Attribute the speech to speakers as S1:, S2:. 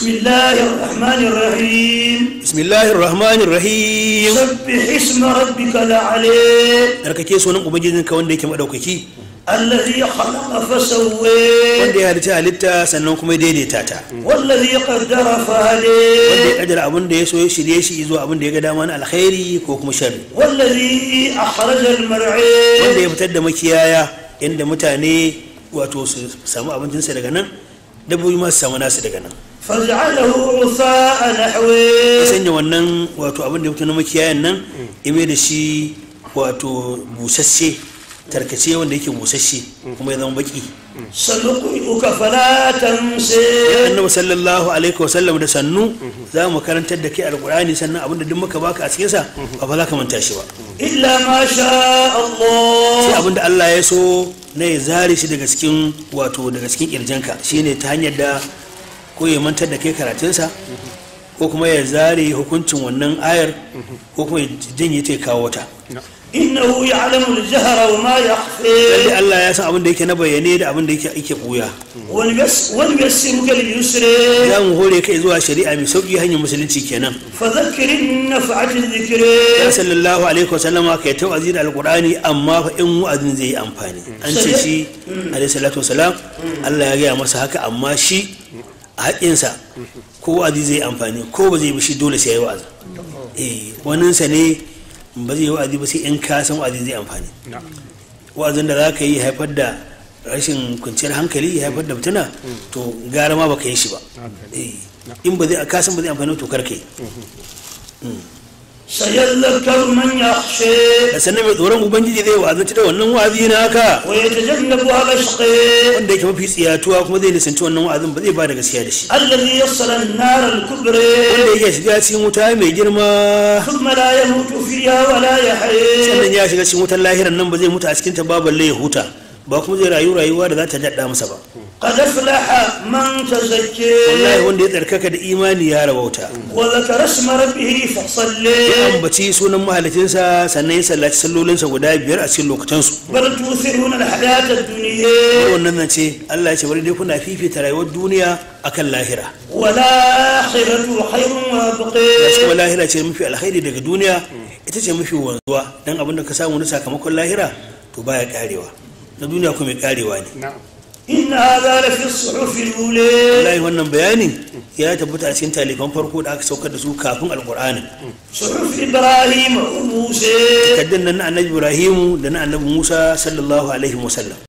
S1: بسم الله الرحمن الرحيم بسم الله الرحمن الرحيم سبح اسم ربك الأعلى تركك سونن ubangijinka wanda yake madaukaki الذي خلق فسوى wanda ya halitta halitta sannan kuma daidaita ta wallazi qaddara fahada wanda ya kaddara abin da ya so shirye shi zuwa abin ya ga dama na alkhairi ko kuma sharri wallazi akhraja almar'i wanda ya fitar da makiyaya inda mutane wato su samu abincinsa daga nan dabbobi ma su samu nasu daga nan faj'alahu usa'a nahwi sanya wannan wato abin da ya fito na makiyayan nan ime shi wato busasshe tarkace wanda yake busasshe kuma ya zama baki salukuka fala tamsi annabi sallallahu alaihi wasallam da sannu za mu karantar da kai alqur'ani sannan abinda duk muka baka a cikin ba fa za ka manta shi ba illa ma sha Allah sai abinda Allah ya so na ya zare shi daga cikin wato daga cikin kirjanka shine ta hanyar da ko ya mantar da kai karatunsa ko kuma ya zare hukuncin wannan ayar ko kuma ya janye ta kawo ta innahu ya'lamu al-jahra wa ma yakhfa lalle Allah ya san abin da yake na bayyane da abin da yake ake buya wal bas wal yasiruka lil yusri ya mu hore kai zuwa shari'a mai sauki hanyar musulunci kenan fa dhakkir in nafa'at dhikri ya sallallahu alaihi wasallam kai ta wa'azi al alqur'ani amma fa in wa'azin zai yi amfani an ce shi alaihi salatu wa salam. Mm. Allah ya gaya masa haka amma shi a haƙƙinsa ko wa'azi zai amfani ko ba zai bishi dole sai ya yi wa'azi eh waninsa ne ba zai yi wa'azi ba sai in ka san wa'azi zai amfani wa'azin da za ka yi haifar da rashin kwanciyar hankali ya haifar da mutuna to gara ma ba ka yi shi ba eh, in ba zai ka san ba zai amfani to kar ka yi mm-hmm. mm. sayallakar man ya kushe da sannan mai tsoron ubangiji zai wa'azanci da wannan wa'azi na haka wa ya ta jannabu haka shaƙe wanda yake mafi tsiyatuwa kuma zai nisanci wannan wa'azin ba zai ba da gaskiya da shi allazi yassala an-nar al-kubra wanda yake shiga cikin wuta mai girma thumma la mutu fiha wa la yahya sannan ya shiga cikin wutar lahiran nan ba zai mutu a cikin ta ba balle huta ba kuma zai rayu rayuwa da za ta dadda masa ba قد افلح من تزكى والله wanda ya tsarkaka da imani ya rabauta wa zakara isma rabbih fa salli ya sunan mahalicin sa sannan ya sallaci sallolin sa guda biyar a cikin lokutan su bar tusiruna al hayata dunya wannan nan ce Allah ya ce bari dai kuna fifita rayuwar duniya akan lahira wala akhiratu khairun wa lahira ce mafi alkhairi daga duniya ita ce mafi wanzuwa dan da ka samu na sakamakon lahira to baya karewa na duniya kuma karewa ne na'am inna إن هذا لفي الصحف الأولى والله wannan bayanin ya tabbata a cikin talifan farko da aka saukar da su kafin alqur'ani suhuf ibrahim wa musa kaddan nan annabi ibrahim da na annabi musa sallallahu alaihi wasallam